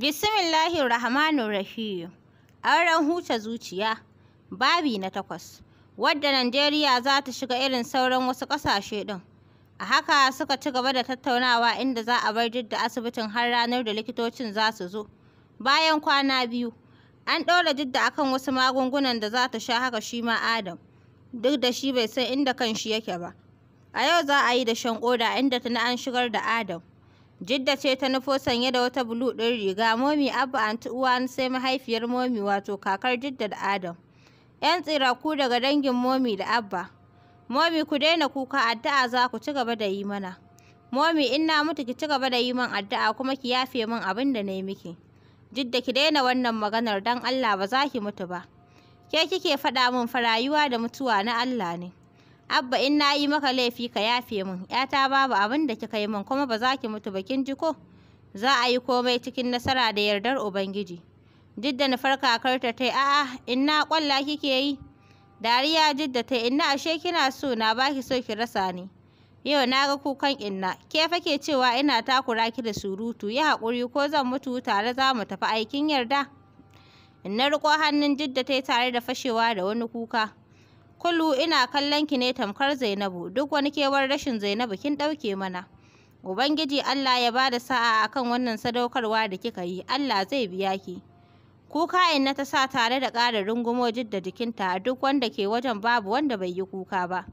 Bismillahirrahmanirrahim. Auren huce zuciya. Babi na takwas. Wadda Najeriya za ta shiga irin sauran wasu ƙasashe ɗin. A haka suka ci gaba da tattaunawa inda za a bar jidda asibitin har ranar da likitocin za su zo. Bayan kwana biyu, an ɗora jidda akan wasu magungunan da za ta sha haka shi ma Adam. Duk da shi bai san inda kan shi yake ba. A yau za a yi da shan ƙoda inda tuni an shigar da Adam. Jidda ce ta nufo sanye da wata bulu ɗin riga, Momi Abba Anti Uwani sai mahaifiyar Momi wato kakar Jidda da Adam. 'Yan tsiraku daga dangin Momi da Abba. Momi ku daina kuka addu'a za ku ci gaba da yi mana. Momi in na mutu ki ci gaba da yi min addu'a kuma ki yafe min abin da na yi miki. Jidda ki daina wannan maganar don Allah ba za ki mutu ba. Ke kike faɗa min fa rayuwa da mutuwa na Allah ne. abba in na yi maka laifi ka yafe min yata babu abin da kika yi min kuma ba za ki mutu ba kin ji ko za a yi komai cikin nasara da yardar ubangiji jidda na nufar karta ta yi, a'a inna kwalla kike yi dariya jidda ta yi. inna ashe kina so na ki so ki rasa ni yau na ga kukan inna ke fa ke cewa ina takura ki da surutu yi haƙuri ko zan mutu tare za mu tafi aikin yarda in Na riƙo hannun jidda ta yi tare da fashewa da wani kuka Kulu, ina kallon ki ne tamkar Zainabu, duk wani kewar rashin Zainabu kin ɗauke mana. Ubangiji Allah ya ba da sa'a akan wannan sadaukarwa da kika yi, Allah zai biya ki. Kuka inna ta sa tare da ƙara rungumo jidda jikinta a duk wanda ke wajen babu wanda bai yi kuka ba.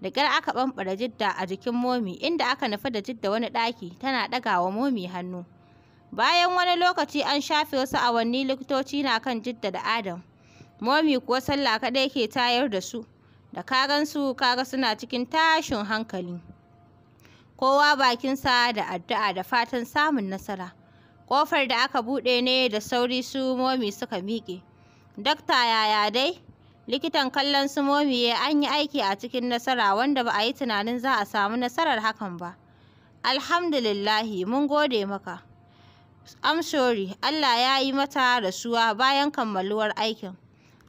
Da ƙyar aka ɓamɓara jidda a jikin momi inda aka nufi da jidda wani ɗaki tana ɗagawa momi hannu. Bayan wani lokaci an shafe wasu awanni likitoci na kan jidda da Adam. momi kuwa sallah kaɗai ke tayar da su da ka gan su kaga suna cikin tashin hankali kowa bakin sa da addu'a da fatan samun nasara ƙofar da aka buɗe ne da sauri su momi suka miƙe dakta yaya dai likitan kallon su momi ya an yi aiki a cikin nasara wanda ba a yi tunanin za a samu nasarar hakan ba alhamdulillahi mun gode maka I'm sorry, Allah ya yi mata rasuwa bayan kammaluwar aikin.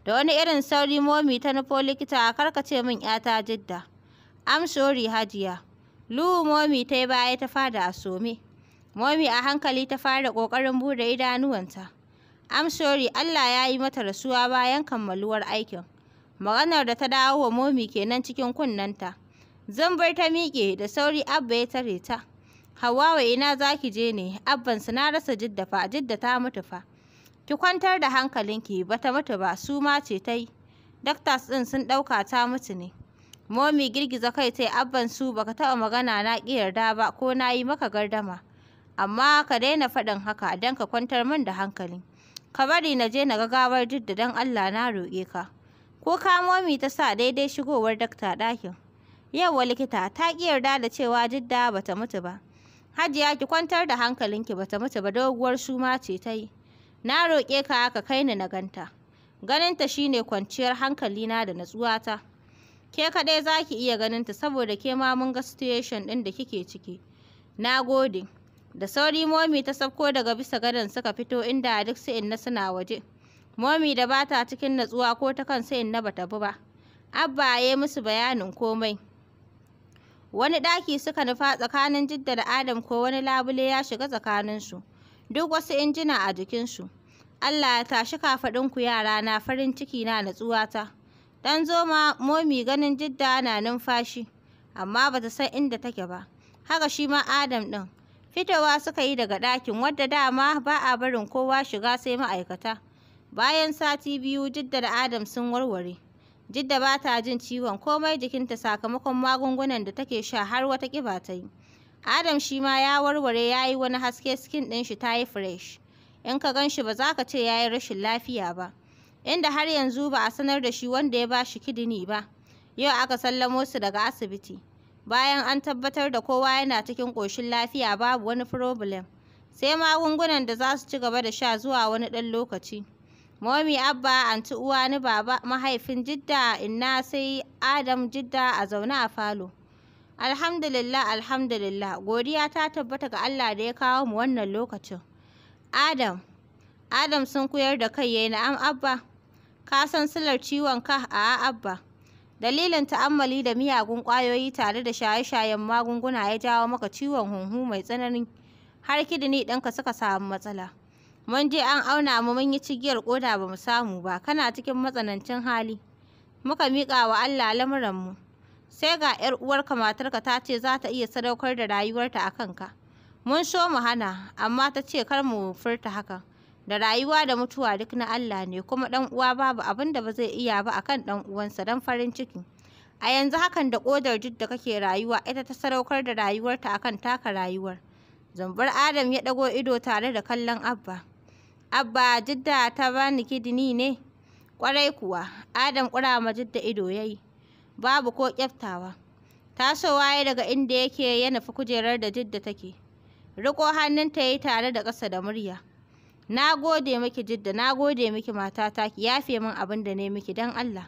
da wani irin sauri momi ta nufo likita a karkace min yata jidda am hajiya luhu momi ta yi baya ta fada a some momi a hankali ta fara kokarin bude idanuwanta am sorry allah ya yi mata rasuwa bayan kammaluwar aikin maganar da ta dawo wa momi kenan cikin kunnanta zambar ta miƙe da sauri abba ya tare ta wa ina zaki je ne abban su na rasa jidda fa jidda ta mutu fa ki kwantar da hankalinki ba mutu ba su ma ce ta yi doctors ɗin sun ɗauka ta mutu ne momi girgiza kai ta abban su baka taɓa magana na ƙi yarda ba ko na yi maka gardama amma ka daina faɗin haka don ka kwantar min da hankali ka bari na je na ga gawar jidda don allah na roƙe ka ko ka momi ta sa daidai shigowar dakta ɗakin wa likita ta ƙi yarda da cewa jidda bata mutu ba hajiya ki kwantar da hankalinki bata mutu ba doguwar su ma ce ta yi na roƙe ka ka kai ni na ganta ganinta shine kwanciyar hankalina da natsuwata ke kaɗai za ki iya ganinta saboda ke ma mun ga situation ɗin da kike ciki na gode da sauri momi ta sabko daga bisa gadon suka fito inda a duk sa'in na suna waje momi da ba ta cikin natsuwa ko ta kan sa'in na bata bi ba abba ya yi musu bayanin komai wani ɗaki suka nufa tsakanin jidda da adam ko wani labule ya shiga tsakaninsu duk wasu injina a jikinsu. Allah ya tashi kafaɗinku yarana farin ciki na natsuwa ta. Dan zoma momi ganin jidda na numfashi, amma ba ta san inda take ba. Haka shi ma Adam ɗin. Fitowa suka yi daga ɗakin wadda dama ba a barin kowa shiga sai ma'aikata. Bayan sati biyu jidda da Adam sun warware. Jidda ba ta jin ciwon komai jikinta sakamakon magungunan da take sha har wata ƙiba ta yi. Adam shi ma ya warware ya yi wani haske skin ɗin shi ta yi fresh. In ka gan shi ba za ka ce ya yi rashin lafiya ba. Inda har yanzu ba a sanar da shi wanda ya ba shi kidini ba. Yau aka sallamo su daga asibiti. Bayan an tabbatar da kowa yana cikin ƙoshin lafiya babu wani problem. Sai magungunan da za su ci gaba da sha zuwa wani ɗan lokaci. Momi Abba, anti uwa ni baba mahaifin Jidda, inna sai Adam Jidda a zaune a falo. Alhamdulillah, alhamdulillah, godiya ta tabbata ga Allah da ya kawo mu wannan lokacin. Adam, Adam sun koyar da kai yayi na'am abba, ka san silar ciwon ka a abba. Dalilin ta'ammali da miyagun ƙwayoyi tare da shaye-shayen magunguna ya jawo maka ciwon hunhu mai tsanani, har kidini ɗinka suka samu matsala. Mun je an auna mu mun yi cigiyar ƙoda ba mu samu ba, kana cikin matsanancin hali. Muka miƙa wa Allah lamuranmu. sai ga 'yar uwarka matarka ta ce za ta iya sadaukar da rayuwarta a kanka mun so mu hana amma ta ce kar mu furta hakan da rayuwa da mutuwa duk na Allah ne kuma dan uwa babu abin da ba zai iya ba akan dan uwansa dan farin ciki a yanzu hakan da kodar duk da kake rayuwa ita ta sadaukar da rayuwarta akan taka rayuwar zambar adam ya dago ido tare da kallon abba abba jidda ta bani kidini ne kwarai kuwa adam kurama jidda ido yayi babu ko kyaftawa tasowa ya daga inda yake ya nufi kujerar da jidda take riko hannunta ya yi tare da ƙasa da murya na gode miki jidda na gode miki matata ki yafe min abin da ne miki don allah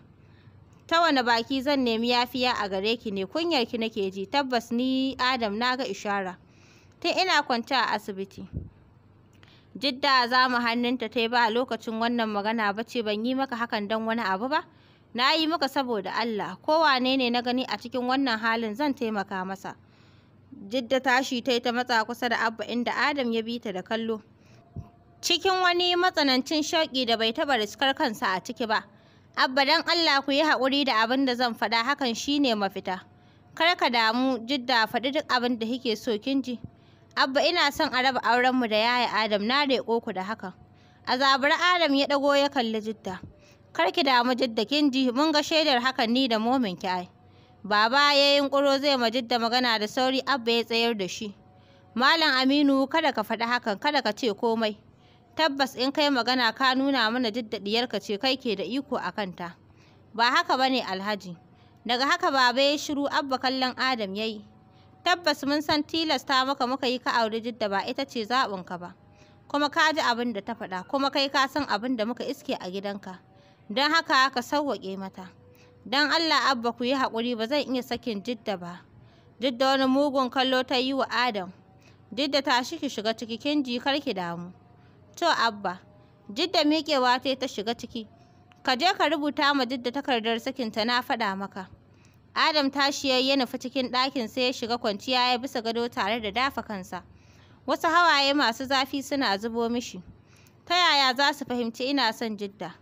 ta wane baki zan nemi yafiya a gare ki ne kunyar ki nake ji tabbas ni adam na ga ishara tun ina kwanta a asibiti jidda za mu hannunta ta ba a lokacin wannan magana ba ce ban yi maka hakan don wani abu ba na yi maka saboda Allah wane ne na gani a cikin wannan halin zan taimaka masa jidda tashi ta yi ta matsa kusa da abba inda adam ya bi ta da kallo cikin wani matsanancin shauƙi da bai taɓa riskar kansa a ciki ba abba dan Allah ku yi haƙuri da abin da zan faɗa hakan shine mafita kar ka damu jidda faɗi duk abin da kike so kin ji abba ina son a raba aurenmu da yaya adam na roƙo ku da hakan a adam ya ɗago ya kalli jidda kar ki damu jidda kin ji mun ga shaidar hakan ni da momin ki ai baba ya yunkuro zai majidda magana da sauri abba ya tsayar da shi malam aminu kada ka faɗi hakan kada ka ce komai tabbas in kai magana ka nuna mana jidda diyarka ce kai ke da iko a kanta ba haka bane alhaji daga haka baba ya shiru abba kallon adam yayi tabbas mun san tilasta maka muka yi ka aure jidda ba ita ce zaɓinka ba kuma ka ji abin da ta faɗa kuma kai ka san abin da muka iske a gidanka don haka ka sauwaƙe mata don allah abba ku yi haƙuri ba zan iya sakin jidda ba jidda wani mugun kallo ta yi wa adam jidda tashi tashi ki shiga ciki kin ji kar ki damu to abba jidda miƙewa ta ta shiga ciki ka je ka rubuta ma jidda takardar ta na faɗa maka adam tashi ya nufi cikin ɗakin sai ya shiga kwanciya ya bisa gado tare da dafa kansa wasu hawaye masu zafi suna zubo mishi ta yaya za su fahimci ina son jidda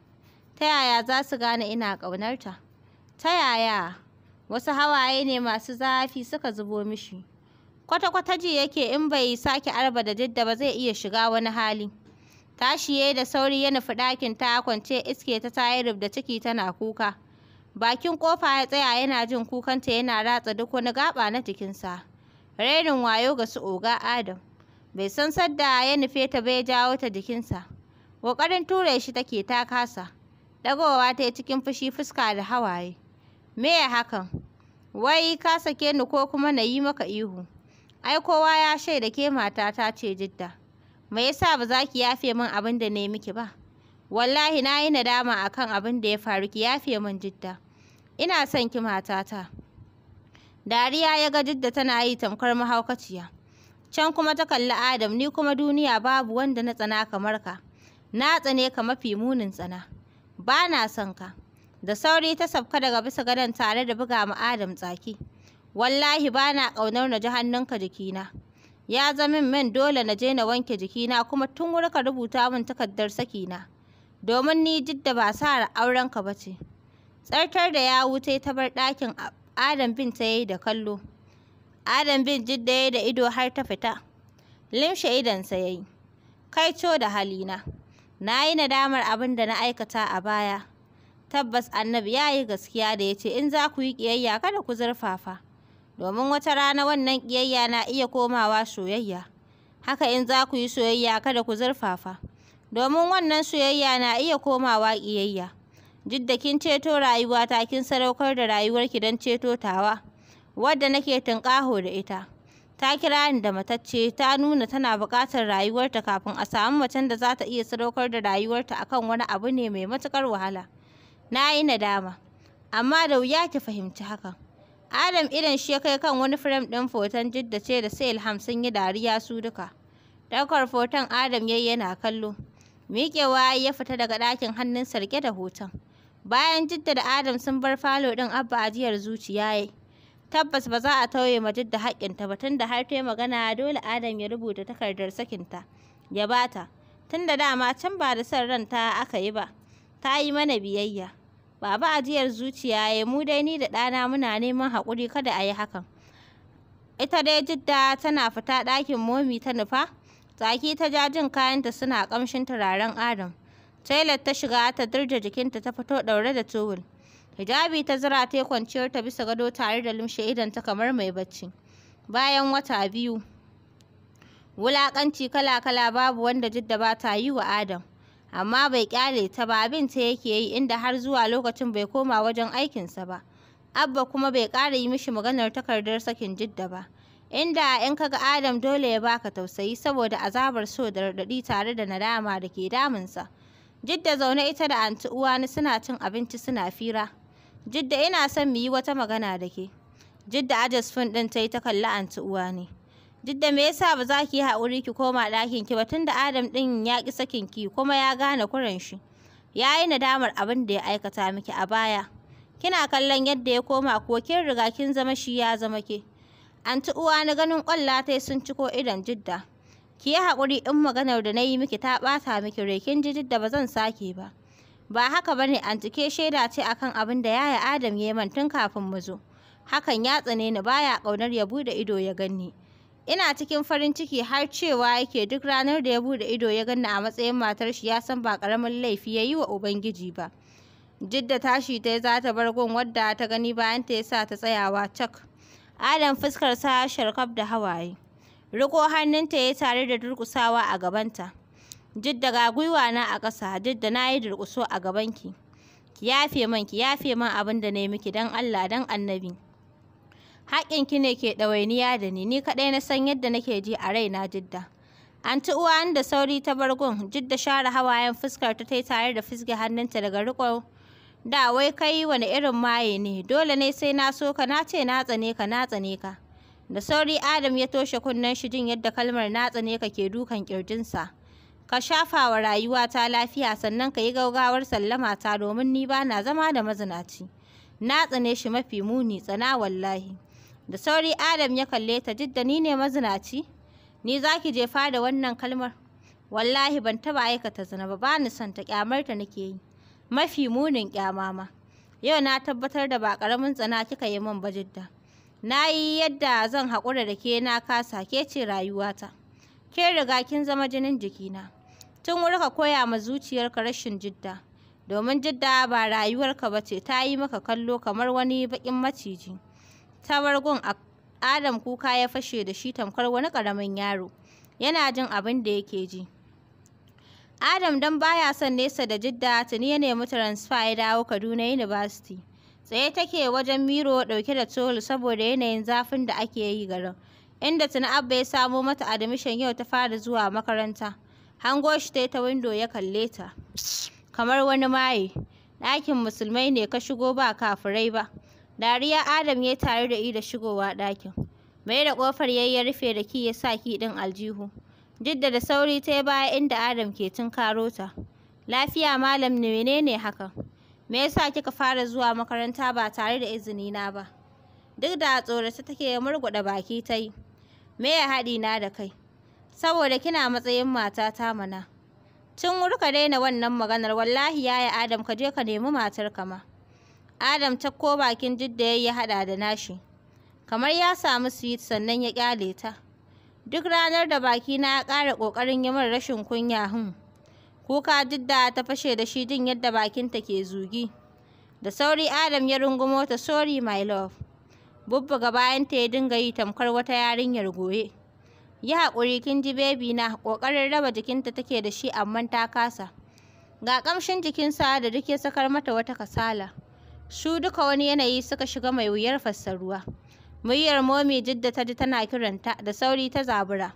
ta yaya za su gane ina ƙaunarta ta yaya wasu hawaye ne masu zafi suka zubo mishi kwata-kwata ji yake in bai sake arba da jidda ba zai iya shiga wani hali tashiye shiye da sauri ya nufi ɗakin ta kwance iske ta tayi da ciki tana kuka bakin kofa ya tsaya yana jin kukanta yana ratsa duk wani gaba na jikinsa Rairin wayo ga su oga adam bai san sadda ya nufe ta bai jawo ta jikinsa ƙoƙarin ture shi take ta kasa Ɗagowa ta yi cikin fushi fuska da hawaye. Me ya hakan? Wai ka sake ni ko kuma na yi maka ihu. Ai kowa ya shaida ke matata ce Jidda. Me yasa ba za ki yafe min abin da na yi miki ba? Wallahi na yi nadama a kan abin da ya faru ki yafe min Jidda. Ina son ki matata. Dariya ya ga Jidda tana yi tamkar mahaukaciya. Can kuma ta kalli Adam ni kuma duniya babu wanda na tsana kamar ka. Na tsane ka mafi munin tsana. ba na son ka da sauri ta sabka daga bisa gadon tare da buga ma adam tsaki wallahi ba na ƙaunar na ji hannunka jikina ya zama min dole na je na wanke jikina kuma tun wuri ka rubuta min takardar sakina domin ni duk ba sa aurenka ba ce tsartar da ya wuce ta bar ɗakin adam bin ta yi da kallo adam bin jidda ya da ido har ta fita limshe idansa ya yi kai co da halina na yi nadamar abin da na aikata a baya tabbas annabi ya yi gaskiya da ya ce in za ku yi ƙiyayya kada ku zurfafa domin wata rana wannan ƙiyayya na iya komawa soyayya haka in za ku yi soyayya kada ku zurfafa domin wannan soyayya na iya komawa ƙiyayya jidda kin ceto rayuwata kin sadaukar da rayuwarki don ceto tawa wadda nake tunƙaho da ita ta kira ni da matacce ta nuna tana buƙatar rayuwarta kafin a samu macen da za ta iya sadaukar da rayuwarta akan wani abu ne mai matuƙar wahala na yi nadama amma da wuya ki fahimci hakan adam idan shi kai kan wani firam ɗin foton jidda ce da sai ilham sun yi dariya su duka ɗaukar foton adam yayi yana kallo miƙewa ya fita daga ɗakin hannun sarke da hoton bayan jidda da adam sun bar falo ɗin abba ajiyar zuciya yayi tabbas ba za a tauye majid da haƙƙinta ba tunda har ta magana dole adam ya rubuta takardar sakinta ya bata tunda dama can ba da son ranta aka yi ba ta yi mana biyayya baba ajiyar zuciya ya mu dai ni da ɗana muna neman haƙuri kada a yi hakan ita dai jidda tana fita ɗakin momi ta nufa tsaki ta ja jin kayanta suna ƙamshin turaren adam Taylor ta shiga ta dirje jikinta ta fito ɗaure da tuwul hijabi ta zira ta kwanciyar ta bisa gado tare da lumshe idonta kamar mai bacci bayan wata biyu wulaƙanci kala-kala babu wanda jidda ba ta yi wa adam amma bai kyale ta ba abin ta yake yi inda har zuwa lokacin bai koma wajen aikinsa ba abba kuma bai ƙara yi mishi maganar takardar sakin jidda ba inda in ga adam dole ya baka tausayi saboda azabar so da raɗaɗi tare da nadama da ke damunsa jidda zaune ita da anti uwani suna cin abinci suna fira Jidda ina son mu yi wata magana da ke. Jidda ajas fin ɗin ta yi ta kalli anti uwa ne. Jidda me yasa ba za ki yi haƙuri ki koma ɗakin ki ba tun da Adam ɗin ya ƙi sakin ki kuma ya gane kuren shi. Ya yi nadamar abin da ya aikata miki a baya. Kina kallon yadda ya koma ko kin riga kin zama shi ya zama ke. Anti uwa na ganin ƙwallatai sun ci ciko idon Jidda. Ki yi haƙuri in maganar da na yi miki ta ɓata miki rai kin ji Jidda ba zan sake ba. ba haka bane antike shaida ce akan abin da yaya adam ya man tun kafin mu zo hakan ya tsane ni baya ƙaunar ya bude ido ya ganni ina cikin farin ciki har cewa yake duk ranar da ya buɗe ido ya ganni a matsayin matar shi ya san ba karamin laifi ya yi wa ubangiji ba jidda tashi ta za ta bar gun wadda ta gani bayan ta yasa ta tsayawa cak adam fuskar sa sharkaf da hawaye riko hannunta ya yi tare da durkusawa a gabanta Jidda ga gwiwa na a ƙasa, Jidda na yi durƙuso a gabanki. Ki yafe man, ki yafe man abin da na yi miki dan Allah, dan annabi. ki ne ke ɗawainiya da ni, ni kaɗai na san yadda nake ji a raina Jidda. An ci ni da sauri ta bargon, Jidda share hawayen fuskar ta tare da fisge hannunta daga riƙo. da wai kai wani irin maye ne dole ne sai na so ka na ce na tsane ka na tsane ka da sauri adam ya toshe kunnen shi jin yadda kalmar na tsane ka ke dukan kirjinsa ka shafa wa rayuwata lafiya sannan ka yi gaugawar sallama ta domin ni ba na zama da mazinaci na tsane shi mafi muni tsana wallahi da sauri adam ya kalle ta jidda ni ne mazinaci ni za ki jefa da wannan kalmar wallahi ban taba aikata zina ba bani son ta kyamar ta nake yi mafi munin kyama ma yau na tabbatar da ba karamin tsana kika yi min ba jidda na yi yadda zan haƙura da ke na kasa ke ce rayuwata Kin riga kin zama jinin jikina. Tun wuri ka koya ma zuciyarka rashin jidda. Domin jidda ba rayuwarka ba ce ta yi maka kallo kamar wani bakin maciji. Ta bargun Adam kuka ya fashe da shi tamkar wani ƙaramin yaro. Yana jin abin da yake ji. Adam don baya son nesa da jidda tuni ya nemi transfer ya dawo Kaduna University. Tsaye take wajen miro ɗauke da tol saboda yanayin zafin da ake yi garin. inda tuni Abba ya samo mata admission yau ta fara zuwa makaranta. Hango shi ta ta windo ya kalle ta. Kamar wani maye, ɗakin musulmai ne ka shigo ba kafirai ba. Dariya Adam ya tare da da shigowa ɗakin. Mai da ƙofar yayi ya rufe da ki ya sa ki ɗin aljihu. Jidda da sauri ta baya inda Adam ke tunkaro ta. Lafiya malam ne menene haka Me yasa kika fara zuwa makaranta ba tare da izini na ba? Duk da tsorata take murguɗa baki ta yi. me ya haɗi na da kai saboda kina matsayin mata ta mana tun wuri ka daina wannan maganar wallahi ya yi adam ka je ka nemi matar kama adam ta ko bakin jidda ya haɗa da nashi kamar ya samu sweet sannan ya ƙyale ta duk ranar da bakina ya ƙara ƙoƙarin yi min rashin kunya hun hmm, kuka jidda ta fashe da shi jin yadda bakinta ke zugi da sauri adam ya rungumo ta sorry my love bubbuga bayanta ya dinga yi tamkar wata yarinyar goye. Yi haƙuri kin ji bebi na ƙoƙarin raba jikinta take da shi amma ta kasa. Ga ƙamshin jikinsa da duk ya sakar mata wata kasala. Su duka wani yanayi suka shiga mai wuyar fassaruwa. Muryar momi jidda ta ji tana kiranta da sauri ta zabura.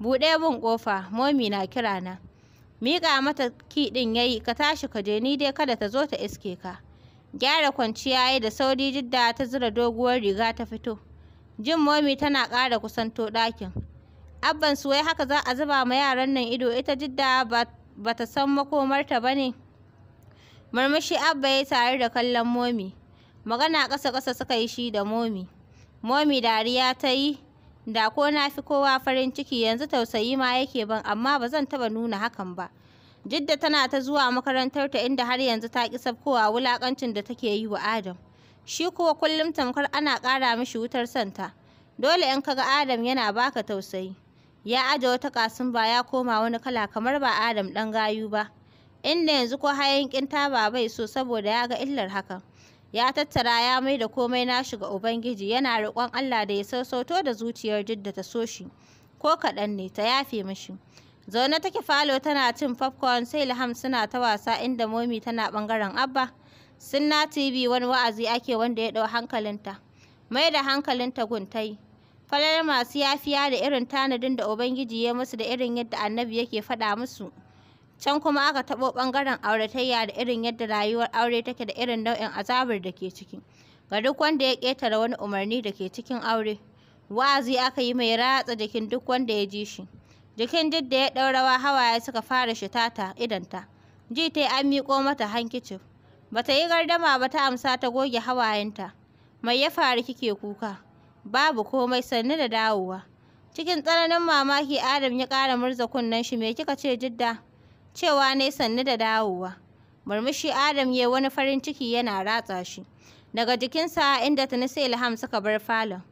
Buɗe bin ƙofa, momi na kirana. Miƙa mata ki ɗin yayi ka tashi ka je ni dai kada ta zo ta iske ka. gyara kwanciya yi da sauri jidda ta zura doguwar riga ta fito jin momi tana ƙara kusanto ɗakin abban su haka za a zuba ma yaran nan ido ita jidda ba ta san makomarta ba ne murmushi abba ya tare da kallon momi magana ƙasa ƙasa suka yi shi da momi momi dariya ta yi da ko na fi kowa farin ciki yanzu tausayi ma yake ban amma ba zan taɓa nuna hakan ba Jidda tana ta zuwa makarantarta inda har yanzu ta ƙi sabkowa wulakancin da take yi wa Adam. Shi kuwa kullum tamkar ana ƙara mishi wutar santa. Dole in kaga Adam yana baka tausayi. Ya aje wata ba ya koma wani kala kamar ba Adam ɗan gayu ba. Inda yanzu ko hayan ba bai so saboda ya ga illar haka Ya tattara ya mai da komai na shiga Ubangiji yana roƙon Allah da ya sassauto da zuciyar Jidda ta so shi. Ko kaɗan ne ta yafe mishi. zaune take falo tana cin popcorn sai ilham suna ta wasa inda momi tana bangaren abba sunna tv wani wa'azi ake wanda ya dau hankalinta mai da hankalinta guntai falar masu yafiya da irin tanadin da ubangiji ya musu da irin yadda annabi yake faɗa musu can kuma aka taɓo ɓangaren auratayya da irin yadda rayuwar aure take da irin nau'in azabar da ke ciki ga duk wanda ya ƙetare wani umarni da ke cikin aure wa'azi aka yi mai ratsa jikin duk wanda ya ji shi Jikin Jidda ya ɗau rawa hawaye suka fara shita ta idanta. Ji ta an miƙo mata Ba Bata yi gardama ba ta amsa ta goge hawayenta. Mai ya faru kike kuka? Babu komai sannu da dawowa. Cikin tsananin mamaki Adam ya ƙara murza kunnen shi me kika ce Jidda? Cewa ne sannu da dawowa. Murmushi Adam ya wani farin ciki yana ratsa shi. Daga jikinsa inda Tunisi Ilham suka bar falon.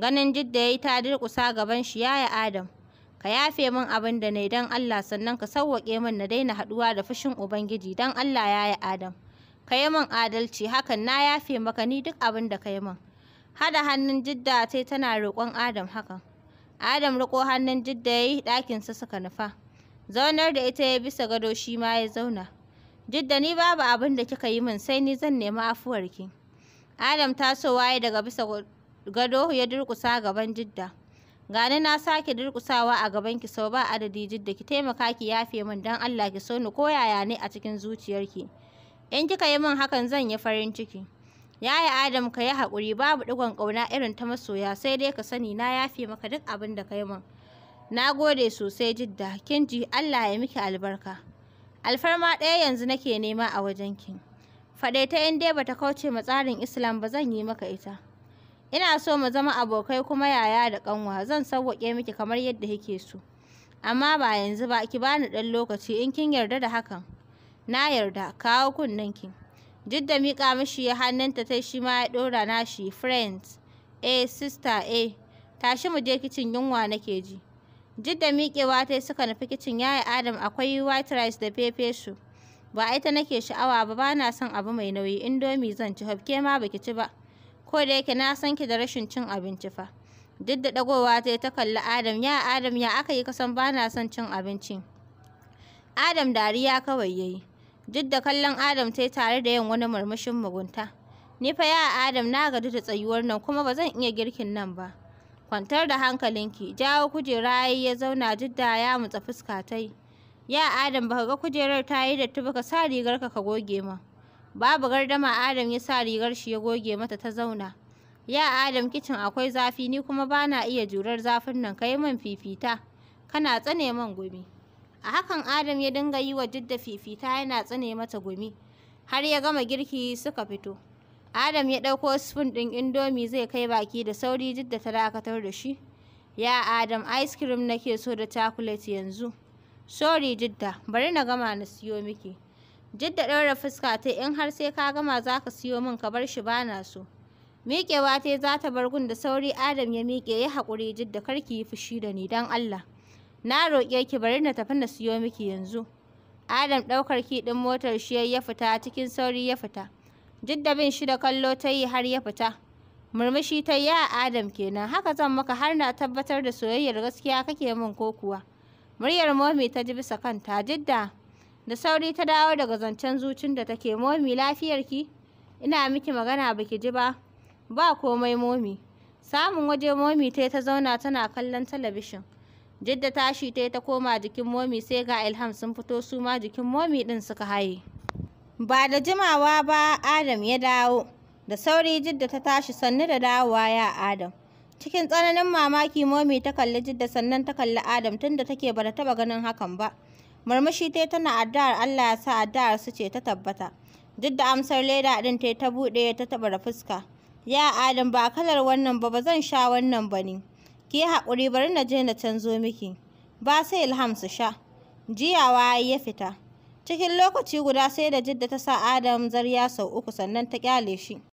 Ganin Jidda ya yi ta durƙusa gaban shi yaya Adam. ka yafe min abin da nayi dan Allah sannan ka sauwaƙe min na daina haɗuwa da fushin Ubangiji dan Allah ya yi Adam ka yi min adalci hakan na yafe maka ni duk abin da ka yi min hada hannun jidda sai tana roƙon Adam hakan Adam riƙo hannun jidda ya yi ɗakinsa suka nufa zaunar da ita ya bisa gado shi ma ya zauna jidda ni babu abin da kika yi min sai ni zan nemi afuwarki Adam tasowa ya daga bisa gado ya durƙusa gaban jidda gani na sake durkusawa a gaban ki, sau ba adadi jidda ki taimaka ki yafe min dan Allah ki so ni ko yaya ne a cikin zuciyarki in kika yi min hakan zan yi farin ciki yaya Adam ka yi haƙuri babu digon ƙauna irin ta masoya sai dai ka sani na yafe maka duk abin da ka yi min na gode sosai jidda kin ji Allah ya miki albarka alfarma ɗaya yanzu nake nema a wajenki faɗe ta in dai bata kauce ma tsarin Islam ba zan yi maka ita ina so mu zama abokai kuma yaya da kanwa zan sauwaƙe miki kamar yadda kike so amma ba yanzu ba ki bani dan lokaci in kin yarda da hakan na yarda kawo kunnen ki. jidda miƙa mishi ya hannunta ta shi ma ya ɗora nashi friends eh sister eh tashi mu je kicin yunwa nake ji jidda miƙewa tai suka nufi kicin yayi adam akwai white rice da pepe su? ba ita nake sha'awa ba ba na son abu mai nauyi indomi zan ci hafke ma baki ci ba ko da yake na san ki da rashin cin abinci fa duk da dagowa ta ta kalli adam ya adam ya aka yi kasan ba na son cin abinci adam dariya kawai ya yi duk da kallon adam ta tare da yin wani murmushin mugunta ni fa ya adam na gaji da tsayuwar nan kuma ba zan iya girkin nan ba kwantar da hankalinki jawo kujera yayi ya zauna duk da ya mutsa fuska ta yi ya adam baka ga kujerar ta yi datti baka sa rigarka ka goge ma Babu gardama Adam ya sa rigar shi ya goge mata ta zauna. Ya Adam kicin akwai zafi ni kuma bana iya jurar zafin nan kai man fifita. Kana tsane man gumi. A hakan Adam ya dinga yi wa Jidda fifita yana tsane mata gumi. Har ya gama girki suka fito. Adam ya ɗauko spoon ɗin indomi zai kai baki da sauri Jidda ta dakatar da shi. Ya Adam ice cream nake so da chocolate yanzu. Sorry Jidda, bari na gama na siyo miki. Jidda ɗaura fuska ta in har sai ka gama za ka siyo min ka bar shi bana na so. Miƙewa ta za ta bar gun da sauri Adam ya miƙe ya haƙuri Jidda kar ki yi fushi da ni don Allah. Na roƙe ki bari na tafi na siyo miki yanzu. Adam ɗaukar ki ɗin motar shi ya fita cikin sauri ya fita. Jidda bin shi da kallo ta yi har ya fita. Murmushi ta ya Adam kenan haka zan maka har na tabbatar da soyayyar gaskiya kake min ko kuwa. Muryar Momi ta ji bisa kanta Jidda. da sauri ta dawo daga zancen zucin da take momi lafiyar ki? ina miki magana baki ji ba ba komai momi samun waje momi ta ta zauna tana kallon talabishin jidda tashi ta ta koma jikin momi sai ga ilham sun fito su ma jikin momi din suka haye ba da jimawa ba adam ya dawo da sauri jidda ta tashi sannu da dawowa ya adam cikin tsananin mamaki momi ta kalli jidda sannan ta kalli adam tunda take bata taba ganin hakan ba murmushi ta tana addu'ar Allah ya sa addu'ar su ce ta tabbata duk da amsar leda din ta ta buɗe ta taba da fuska ya adam ba kalar wannan ba bazan sha wannan ba ne ki yi haƙuri bari na je na canzo miki ba sai ilham su sha jiyawa ya fita cikin lokaci guda sai da jidda ta sa adam zarya sau uku sannan ta kyale shi